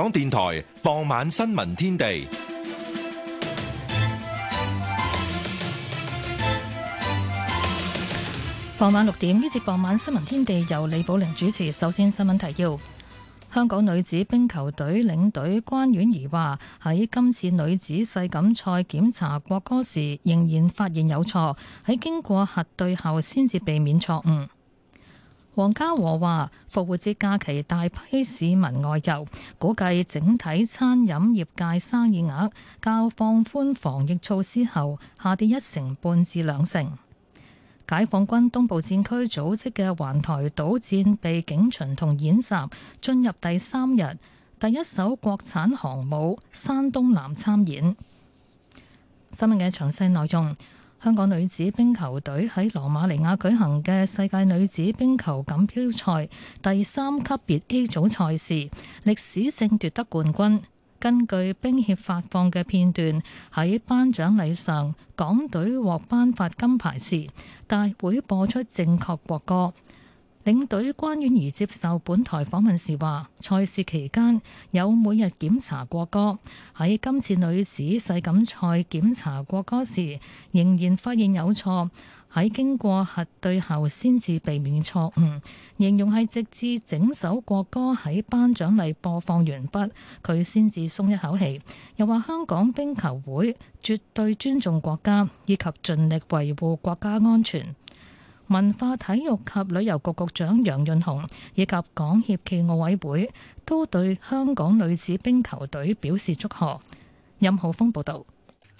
香港電台傍晚新聞天地。傍晚六點呢節傍晚新聞天地由李寶玲主持，首先新聞提要：香港女子冰球隊領隊關婉儀話喺今次女子世錦賽檢查國歌時，仍然發現有錯，喺經過核對後，先至避免錯誤。黃家和話：復活節假期大批市民外遊，估計整體餐飲業界生意額較放寬防疫措施後下跌一成半至兩成。解放軍東部戰區組織嘅環台島戰備警巡同演習進入第三日，第一艘國產航母山東艦參演。新聞嘅詳細內容。香港女子冰球隊喺羅馬尼亞舉行嘅世界女子冰球錦標賽第三級別 A 組賽事，歷史性奪得冠軍。根據冰協發放嘅片段，喺頒獎禮上，港隊獲頒發金牌時，大會播出正確國歌。領隊關婉儀接受本台訪問時話：賽事期間有每日檢查國歌，喺今次女子世錦賽檢查國歌時，仍然發現有錯，喺經過核對後先至避免錯誤。形容係直至整首國歌喺頒獎禮播放完畢，佢先至鬆一口氣。又話香港冰球會絕對尊重國家，以及盡力維護國家安全。文化體育及旅遊局局長楊潤雄以及港協暨奧委會都對香港女子冰球隊表示祝賀。任浩峰報導。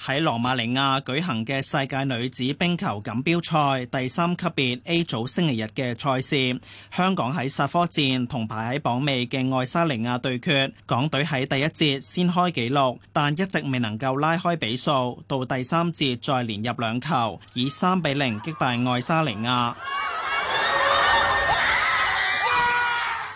喺羅馬尼亞舉行嘅世界女子冰球錦標賽第三級別 A 組星期日嘅賽事，香港喺煞科戰同排喺榜尾嘅愛沙尼亞對決，港隊喺第一節先開紀錄，但一直未能夠拉開比數，到第三節再連入兩球，以三比零擊敗愛沙尼亞。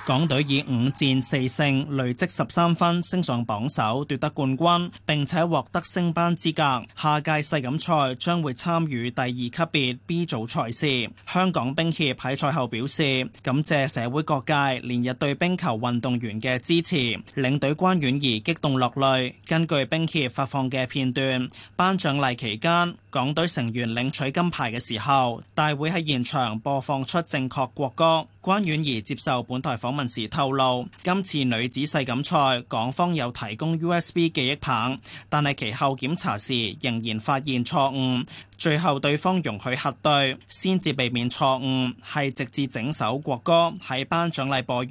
港隊以五戰四勝累積十三分，升上榜首，奪得冠軍，並且獲得升班資格。下屆世錦賽將會參與第二級別 B 組賽事。香港冰協喺賽後表示感謝社會各界連日對冰球運動員嘅支持。領隊關婉儀激動落淚。根據冰協發放嘅片段，頒獎禮期間港隊成員領取金牌嘅時候，大會喺現場播放出正確國歌。關婉儀接受本台訪問時透露，今次女子世錦賽港方有提供 USB 記憶棒，但係其後檢查時仍然發現錯誤，最後對方容許核對，先至避免錯誤。係直至整首國歌喺頒獎禮播完，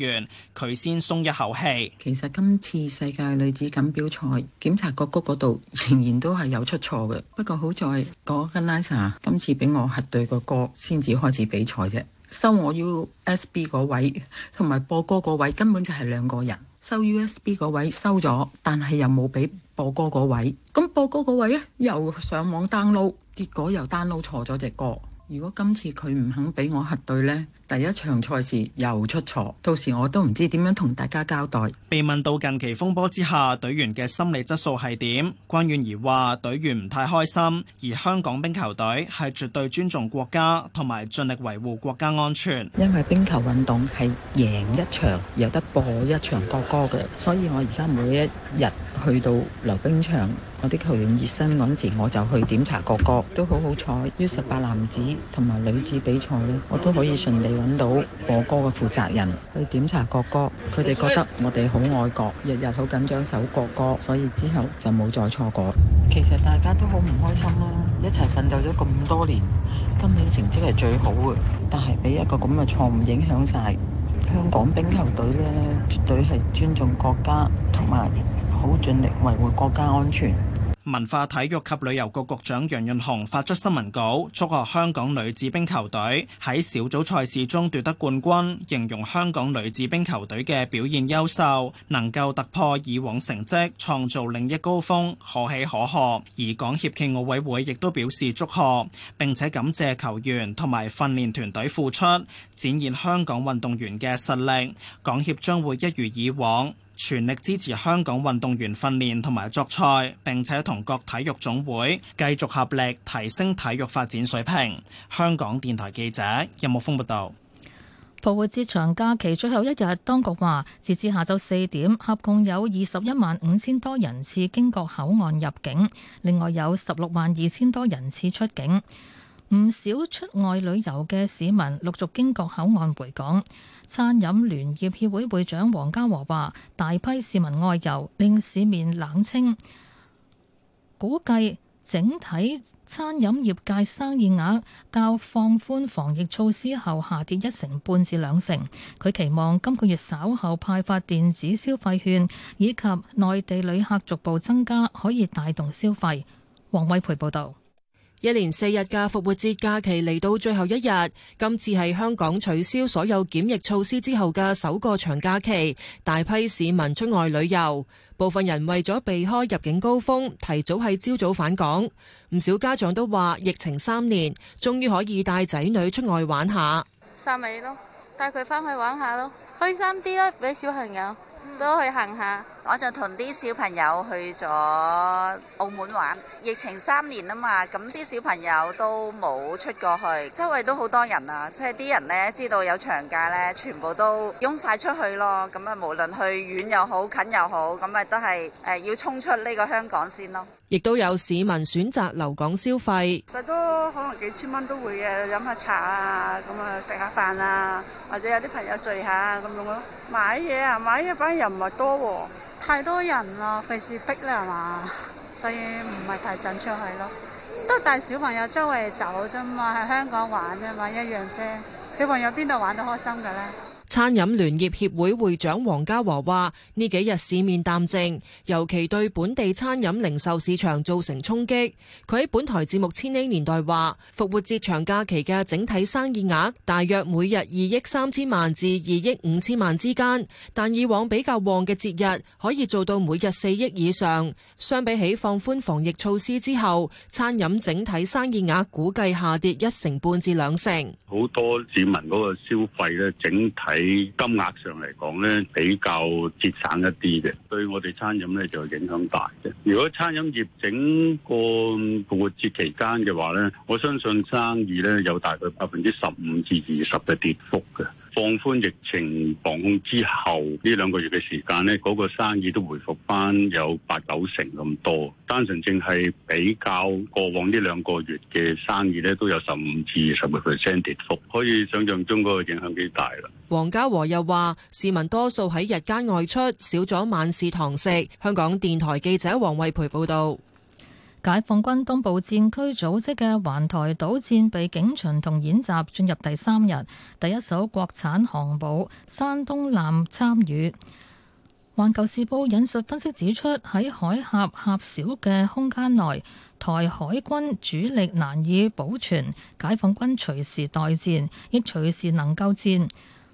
佢先鬆一口氣。其實今次世界女子錦標賽檢查國歌嗰度仍然都係有出錯嘅，不過好在嗰個 NASA 今次俾我核對個歌，先至開始比賽啫。收我 USB 嗰位，同埋播歌嗰位根本就係兩個人。收 USB 嗰位收咗，但係又冇俾播歌嗰位。咁播歌嗰位咧又上網 download，結果又 download 錯咗隻歌。如果今次佢唔肯俾我核對咧？第一場賽事又出錯，到時我都唔知點樣同大家交代。被問到近期風波之下隊員嘅心理質素係點，關婉儀話隊員唔太開心，而香港冰球隊係絕對尊重國家同埋盡力維護國家安全。因為冰球運動係贏一場有得播一場國歌嘅，所以我而家每一日去到溜冰場，我啲球員熱身嗰時，我就去檢查國歌，都好好彩。於十八男子同埋女子比賽呢，我都可以順利。揾到我哥嘅負責人去檢查國歌，佢哋覺得我哋好愛國，日日好緊張守國歌，所以之後就冇再錯過。其實大家都好唔開心啦，一齊奮鬥咗咁多年，今年成績係最好嘅，但係俾一個咁嘅錯誤影響晒。香港冰球隊咧，絕對係尊重國家，同埋好盡力維護國家安全。文化體育及旅遊局局長楊潤雄發出新聞稿，祝賀香港女子冰球隊喺小組賽事中奪得冠軍，形容香港女子冰球隊嘅表現優秀，能夠突破以往成績，創造另一高峰，可喜可賀。而港協暨奧委會亦都表示祝賀，並且感謝球員同埋訓練團隊付出，展現香港運動員嘅實力。港協將會一如以往，全力支持香港運動員訓練同埋作賽，並且同各體育總會繼續合力提升體育發展水平。香港電台記者任木峰報道。復活節長假期最後一日，當局話，截至下晝四點，合共有二十一萬五千多人次經過口岸入境，另外有十六萬二千多人次出境。唔少出外旅遊嘅市民陸續經過口岸回港。餐飲聯業協會會長黃家和話：大批市民外遊，令市面冷清。估計整體餐飲業界生意額較放寬防疫措施後下跌一成半至兩成。佢期望今個月稍後派發電子消費券，以及內地旅客逐步增加，可以帶動消費。黃偉培報導。一連四日嘅復活節假期嚟到最後一日，今次係香港取消所有檢疫措施之後嘅首個長假期，大批市民出外旅遊。部分人為咗避開入境高峰，提早喺朝早返港。唔少家長都話，疫情三年，終於可以帶仔女出外玩下，三尾咯，帶佢返去玩下咯，開心啲咯、啊，俾小朋友。都去行下，我就同啲小朋友去咗澳門玩。疫情三年啊嘛，咁啲小朋友都冇出過去，周圍都好多人啊！即係啲人呢，知道有長假呢，全部都擁晒出去咯。咁啊，無論去遠又好，近又好，咁啊都係誒要衝出呢個香港先咯。亦都有市民選擇留港消費，實都可能幾千蚊都會嘅，飲下茶啊，咁啊食下飯啊，或者有啲朋友聚下咁樣咯。買嘢啊，買嘢反而又唔係多，太多人啦，費事逼啦係嘛，所以唔係太準出去咯。都帶小朋友周圍走啫嘛，喺香港玩啫嘛，一樣啫。小朋友邊度玩得開心噶啦。餐飲聯業協會會長黃家和話：呢幾日市面淡靜，尤其對本地餐飲零售市場造成衝擊。佢喺本台節目《千禧年代》話，復活節長假期嘅整體生意額大約每日二億三千萬至二億五千萬之間，但以往比較旺嘅節日可以做到每日四億以上。相比起放寬防疫措施之後，餐飲整體生意額估計下跌一成半至兩成。好多市民嗰個消費咧，整體。喺金額上嚟講，咧，比較節省一啲嘅，對我哋餐飲咧就影響大嘅。如果餐飲業整個復活節期間嘅話，咧，我相信生意咧有大概百分之十五至二十嘅跌幅嘅。放寬疫情防控之後呢兩個月嘅時間呢，嗰個生意都回復翻有八九成咁多，單純淨係比較過往呢兩個月嘅生意呢，都有十五至十六 percent 跌幅，可以想像中嗰個影響幾大啦。黃家和又話，市民多數喺日間外出，少咗晚市堂食。香港電台記者黃惠培報道。解放軍東部戰區組織嘅環台島戰備警巡同演習進入第三日，第一艘國產航母山東艦參與。環球時報引述分析指出，喺海峽狹小嘅空間內，台海軍主力難以保存，解放軍隨時待戰，亦隨時能夠戰，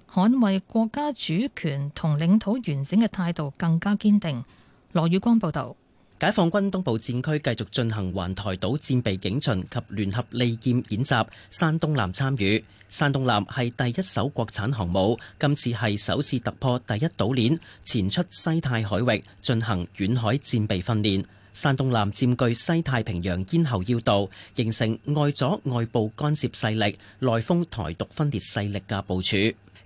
捍衛國家主權同領土完整嘅態度更加堅定。羅宇光報道。解放軍東部戰區繼續進行環台島戰備警巡及聯合利劍演習。山東艦參與。山東艦係第一艘國產航母，今次係首次突破第一島鏈，前出西太海域進行遠海戰備訓練。山東艦佔據西太平洋咽喉要道，形成外阻外部干涉勢力、內封台獨分裂勢力嘅部署。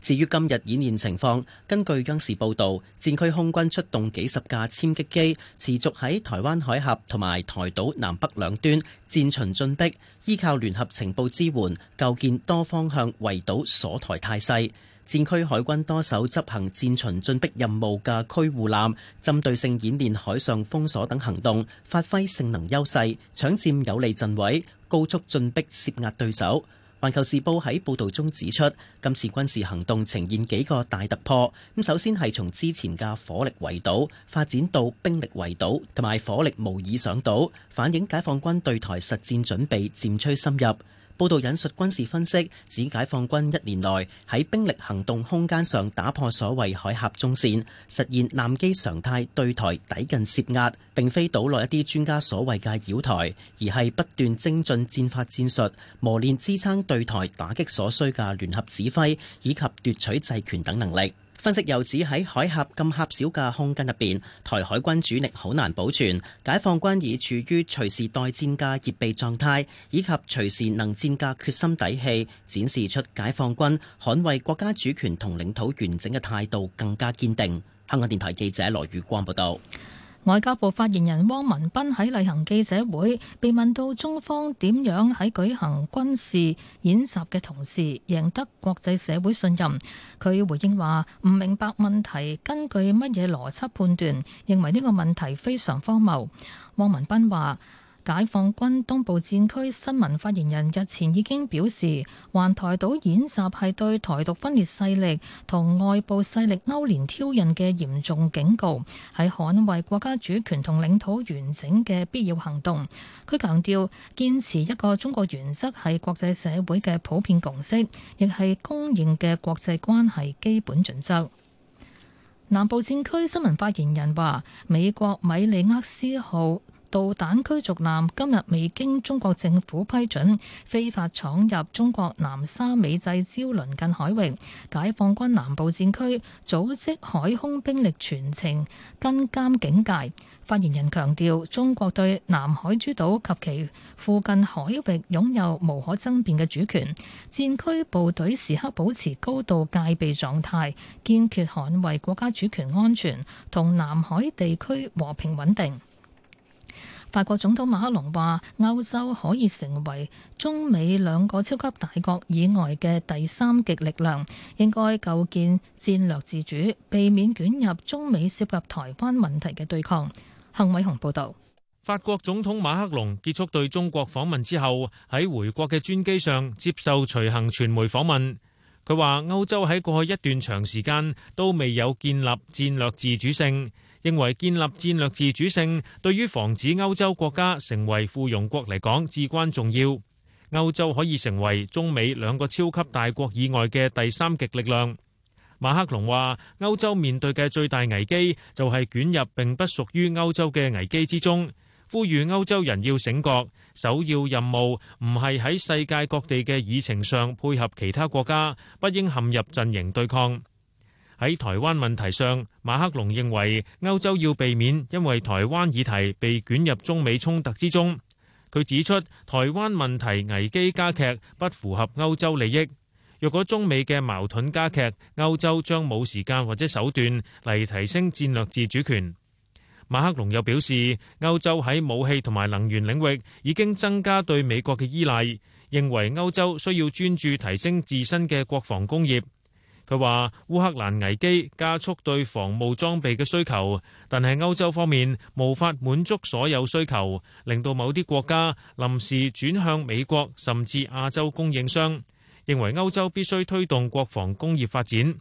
至於今日演練情況，根據央視報導，戰區空軍出動幾十架殲擊機，持續喺台灣海峽同埋台島南北兩端戰巡進逼，依靠聯合情報支援，構建多方向圍堵鎖台態勢。戰區海軍多艘執行戰巡進逼任務嘅驅護艦，針對性演練海上封鎖等行動，發揮性能優勢，搶佔有利陣位，高速進逼，施壓對手。環球時報喺報道中指出，今次軍事行動呈現幾個大突破。咁首先係從之前嘅火力圍堵發展到兵力圍堵，同埋火力無以上島，反映解放軍對台實戰準備漸趨深入。報道引述軍事分析，指解放軍一年內喺兵力行動空間上打破所謂海峽中線，實現艦機常態對台抵近涉壓，並非島內一啲專家所謂嘅繞台，而係不斷精進戰法戰術，磨練支撐對台打擊所需嘅聯合指揮以及奪取制權等能力。分析又指喺海峽咁狹小嘅空間入邊，台海軍主力好難保存，解放軍已處於隨時待戰嘅熱備狀態，以及隨時能戰嘅決心底氣，展示出解放軍捍衛國家主權同領土完整嘅態度更加堅定。香港電台記者羅宇光報道。外交部發言人汪文斌喺例行記者會被問到中方點樣喺舉行軍事演習嘅同時贏得國際社會信任，佢回應話唔明白問題根據乜嘢邏輯判斷，認為呢個問題非常荒謬。汪文斌話：解放軍東部戰區新聞發言人日前已經表示，環台島演習係對台獨分裂勢力同外部勢力勾連挑釁嘅嚴重警告，係捍衛國家主權同領土完整嘅必要行動。佢強調，堅持一個中國原則係國際社會嘅普遍共識，亦係公認嘅國際關係基本準則。南部戰區新聞發言人話，美國米利厄斯號導彈驅逐艦今日未經中國政府批准，非法闖入中國南沙美濟礁鄰近海域。解放軍南部戰區組織海空兵力全程跟監警戒。發言人強調，中國對南海諸島及其附近海域擁有無可爭辯嘅主權。戰區部隊時刻保持高度戒備狀態，堅決捍衛國家主權安全，同南海地區和平穩定。法國總統馬克龍話：歐洲可以成為中美兩個超級大國以外嘅第三極力量，應該構建戰略自主，避免捲入中美涉及台灣問題嘅對抗。幸偉雄報道：法國總統馬克龍結束對中國訪問之後，喺回國嘅專機上接受隨行傳媒訪問。佢話：歐洲喺過去一段長時間都未有建立戰略自主性。認為建立戰略自主性對於防止歐洲國家成為附庸國嚟講至關重要。歐洲可以成為中美兩個超級大國以外嘅第三極力量。馬克龍話：歐洲面對嘅最大危機就係捲入並不屬於歐洲嘅危機之中，呼籲歐洲人要醒覺，首要任務唔係喺世界各地嘅議程上配合其他國家，不應陷入陣營對抗。喺台灣問題上，馬克龍認為歐洲要避免因為台灣議題被捲入中美衝突之中。佢指出，台灣問題危機加劇，不符合歐洲利益。若果中美嘅矛盾加劇，歐洲將冇時間或者手段嚟提升戰略自主權。馬克龍又表示，歐洲喺武器同埋能源領域已經增加對美國嘅依賴，認為歐洲需要專注提升自身嘅國防工業。佢話：烏克蘭危機加速對防務裝備嘅需求，但係歐洲方面無法滿足所有需求，令到某啲國家臨時轉向美國，甚至亞洲供應商。認為歐洲必須推動國防工業發展。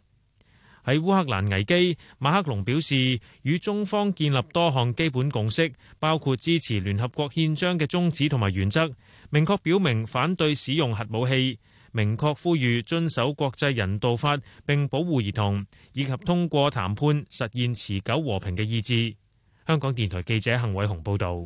喺烏克蘭危機，馬克龍表示，與中方建立多項基本共識，包括支持聯合國憲章嘅宗旨同埋原則，明確表明反對使用核武器。明確呼籲遵守國際人道法，並保護兒童，以及通過談判實現持久和平嘅意志。香港電台記者幸偉雄報道。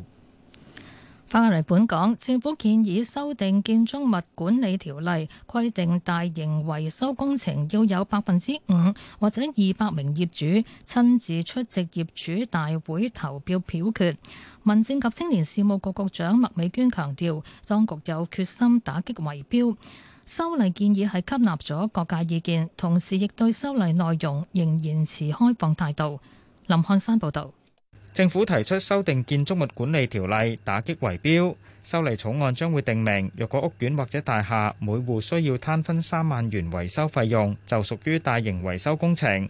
翻返嚟本港，政府建議修訂《建築物管理條例》，規定大型維修工程要有百分之五或者二百名業主親自出席業主大會投票表決。民政及青年事務局局長麥美娟強調，當局有決心打擊圍標。修例建議係吸納咗各界意見，同時亦對修例內容仍然持開放態度。林漢山報導，政府提出修訂建築物管理條例，打擊圍標。修例草案將會定明，若果屋苑或者大廈每戶需要攤分三萬元維修費用，就屬於大型維修工程。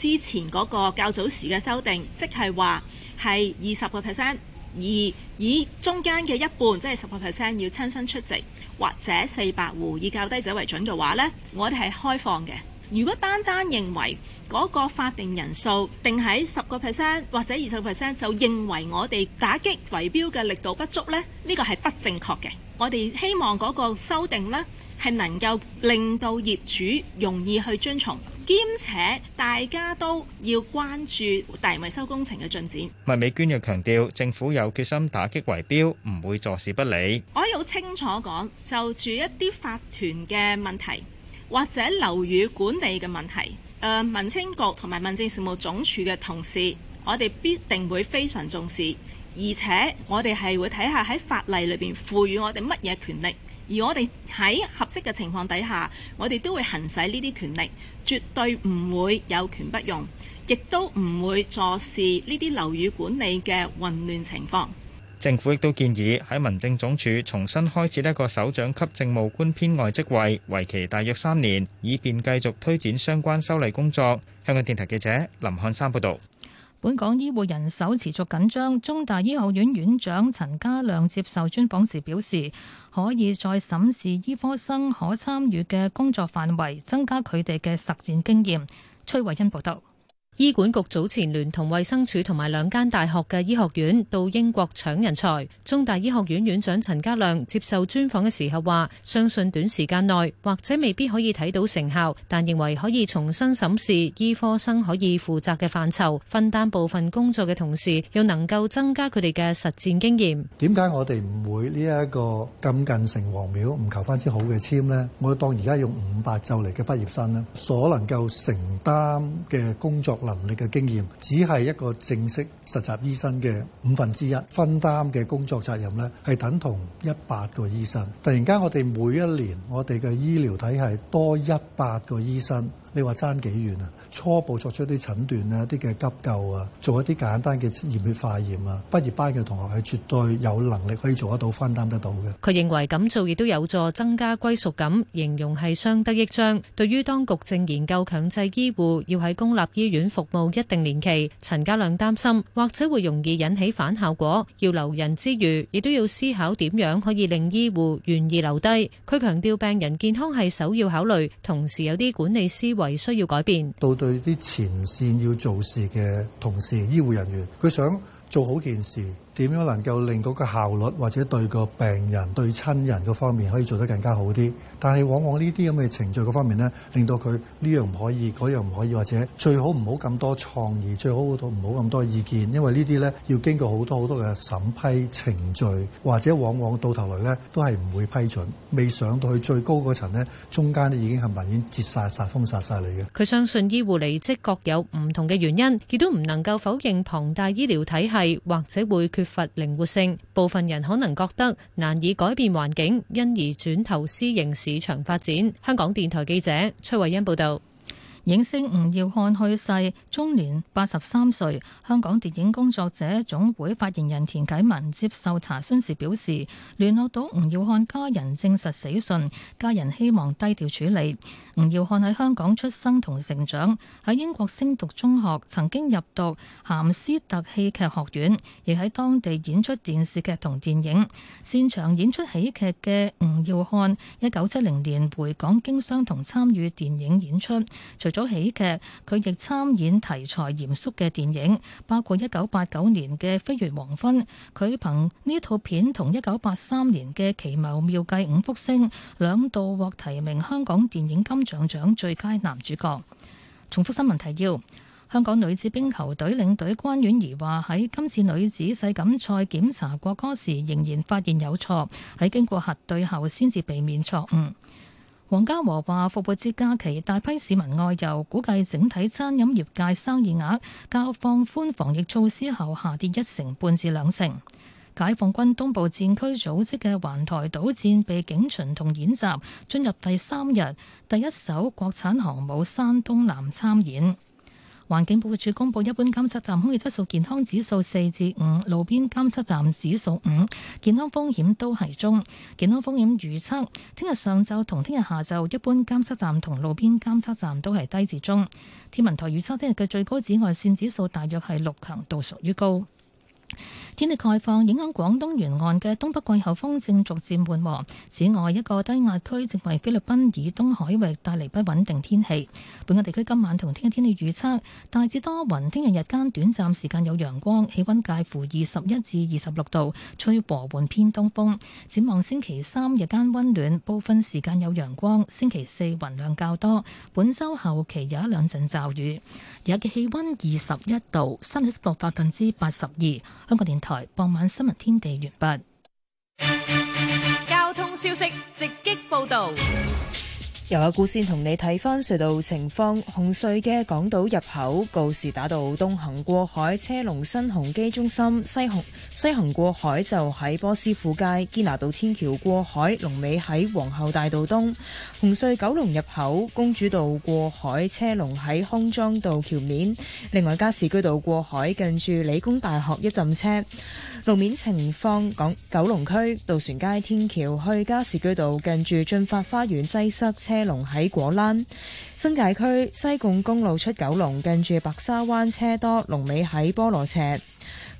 之前嗰個較早時嘅修訂，即係話係二十個 percent，而以中間嘅一半，即係十個 percent，要親身出席或者四百戶以較低者為準嘅話呢，我哋係開放嘅。如果單單認為嗰個法定人數定喺十個 percent 或者二十個 percent，就認為我哋打擊圍標嘅力度不足呢，呢個係不正確嘅。我哋希望嗰個修訂呢，係能夠令到業主容易去遵從。兼且大家都要關注大維修工程嘅進展。麥美娟又強調政府有決心打擊圍標，唔會坐視不理。我好清楚講就住一啲法團嘅問題或者樓宇管理嘅問題，誒、呃、民青局同埋民政事務總署嘅同事，我哋必定會非常重視，而且我哋係會睇下喺法例裏邊賦予我哋乜嘢權力。而我哋喺合適嘅情況底下，我哋都會行使呢啲權力，絕對唔會有權不用，亦都唔會坐視呢啲樓宇管理嘅混亂情況。政府亦都建議喺民政總署重新開設一個首長級政務官編外職位，為期大約三年，以便繼續推展相關修例工作。香港電台記者林漢山報道。本港醫護人手持續緊張，中大醫學院院長陳家亮接受專訪時表示，可以再審視醫科生可參與嘅工作範圍，增加佢哋嘅實踐經驗。崔慧欣報道。醫管局早前聯同衛生署同埋兩間大學嘅醫學院到英國搶人才。中大醫學院院長陳家亮接受專訪嘅時候話，相信短時間內或者未必可以睇到成效，但認為可以重新審視醫科生可以負責嘅範疇，分擔部分工作嘅同時，又能夠增加佢哋嘅實戰經驗。點解我哋唔會呢一個咁近城隍廟唔求翻支好嘅簽呢？我當而家用五百就嚟，嘅畢業生咧，所能夠承擔嘅工作能力嘅經驗，只係一個正式實習醫生嘅五分之一，分擔嘅工作責任咧，係等同一百個醫生。突然間，我哋每一年，我哋嘅醫療體系多一百個醫生。你話爭幾遠啊？初步作出啲診斷啊，啲嘅急救啊，做一啲簡單嘅驗血化驗啊。畢業班嘅同學係絕對有能力可以做得到，分擔得到嘅。佢認為咁做亦都有助增加歸屬感，形容係相得益彰。對於當局正研究強制醫護要喺公立醫院服務一定年期，陳家亮擔心或者會容易引起反效果。要留人之餘，亦都要思考點樣可以令醫護願意留低。佢強調病人健康係首要考慮，同時有啲管理師。為需要改變，到對啲前線要做事嘅同事、醫護人員，佢想做好件事。點樣能夠令嗰個效率或者對個病人、對親人嗰方面可以做得更加好啲？但係往往呢啲咁嘅程序嗰方面呢，令到佢呢樣唔可以，嗰樣唔可以，或者最好唔好咁多創意，最好都唔好咁多意見，因為呢啲呢，要經過好多好多嘅審批程序，或者往往到頭來呢，都係唔會批准，未上到去最高嗰層咧，中間咧已經冚唪唥已經截曬殺封殺晒你嘅。佢相信醫護離職各有唔同嘅原因，亦都唔能夠否認龐大醫療體系或者會缺乏。乏靈活性，部分人可能覺得難以改變環境，因而轉投私營市場發展。香港電台記者崔慧欣報道。影星吳耀漢去世，終年八十三歲。香港電影工作者總會發言人田啟文接受查詢時表示，聯絡到吳耀漢家人證實死訊，家人希望低調處理。吳耀漢喺香港出生同成長，喺英國升讀中學，曾經入讀咸斯特戲劇學院，亦喺當地演出電視劇同電影，擅長演出喜劇嘅吳耀漢，一九七零年回港經商同參與電影演出。除咗喜劇，佢亦參演題材嚴肅嘅電影，包括一九八九年嘅《飛越黃昏》。佢憑呢套片同一九八三年嘅《奇謀妙計五福星》兩度獲提名香港電影金像獎最佳男主角。重複新聞提要：香港女子冰球隊領隊關婉儀話，喺今次女子世錦賽檢查國歌時，仍然發現有錯，喺經過核對後先至避免錯誤。黃家和話，復活節假期大批市民外遊，估計整體餐飲業界生意額較放寬防疫措施後下跌一成半至兩成。解放軍東部戰區組織嘅環台島戰備警巡同演習進入第三日，第一艘國產航母山東艦參演。環境保護署公布一般監測站空氣質素健康指數四至五，路邊監測站指數五，健康風險都係中。健康風險預測，聽日上晝同聽日下晝一般監測站同路邊監測站都係低至中。天文台預測聽日嘅最高紫外線指數大約係六強度，屬於高。天氣概況，影響廣東沿岸嘅東北季候風正逐漸緩和。此外，一個低壓區正為菲律賓以東海域帶嚟不穩定天氣。本港地區今晚同聽日天氣預測，大致多雲，聽日日間短暫時間有陽光，氣溫介乎二十一至二十六度，吹和緩偏東風。展望星期三日間溫暖，部分時間有陽光；星期四雲量較多，本周後期有一兩陣驟雨。日嘅氣溫二十一度，相對濕度百分之八十二。香港電台傍晚新聞天地完畢。交通消息直擊報道。由阿古先同你睇返隧道情況，紅隧嘅港島入口告士打道東行過海車龍，新鴻基中心西行西行過海就喺波斯富街堅拿道天橋過海，龍尾喺皇后大道東。紅隧九龍入口公主道過海車龍喺康莊道橋面，另外加士居道過海近住理工大學一陣車。路面情況，港九龍區渡船街天橋去加士居道近住駿發花園擠塞車。車龍喺果欄，新界區西貢公路出九龍，近住白沙灣車多，龍尾喺菠蘿輋。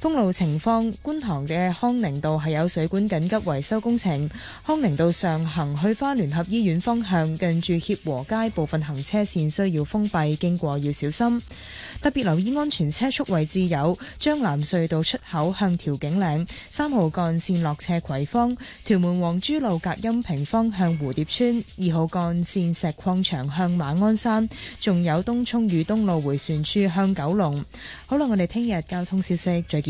封路情況，觀塘嘅康寧道係有水管緊急維修工程，康寧道上行去花聯合醫院方向，近住協和街部分行車線需要封閉，經過要小心，特別留意安全車速位置有將藍隧道出口向調景嶺三號幹線落斜葵芳，屯門皇珠路隔音屏方向蝴蝶村二號幹線石礦場向馬鞍山，仲有東涌裕東路回旋處向九龍。好啦，我哋聽日交通消息再見。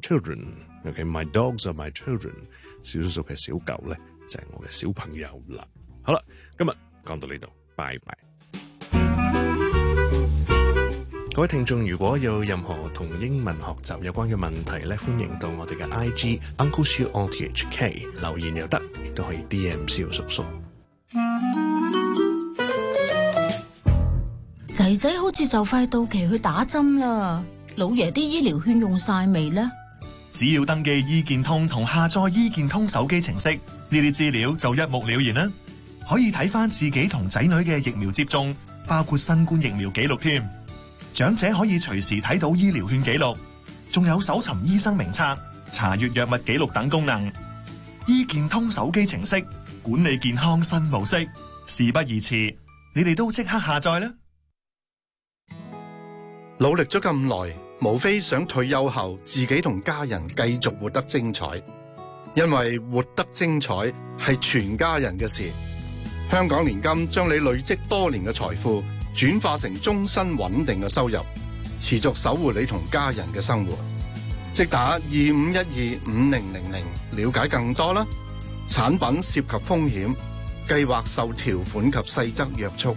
Children，okay? 尤其 my dogs are my children。小叔叔嘅小狗咧，就係我嘅小朋友啦。好啦，今日講到呢度，拜拜。各位聽眾，如果有任何同英文學習有關嘅問題咧，歡迎到我哋嘅 I G Uncle Sir O T H K 留言又得，亦都可以 D M 小叔叔。仔仔好似就快到期去打針啦，老爺啲醫療券用晒未呢？只要登記醫健通同下載醫健通手機程式，呢啲資料就一目了然啦。可以睇翻自己同仔女嘅疫苗接種，包括新冠疫苗記錄添。長者可以隨時睇到醫療券記錄，仲有搜尋醫生名冊、查閱藥物記錄等功能。醫健通手機程式管理健康新模式，事不宜遲，你哋都即刻下載啦！努力咗咁耐，無非想退休後自己同家人繼續活得精彩，因為活得精彩係全家人嘅事。香港年金將你累積多年嘅財富轉化成終身穩定嘅收入，持續守護你同家人嘅生活。即打二五一二五零零零，了解更多啦。產品涉及風險，計劃受條款及細則約束。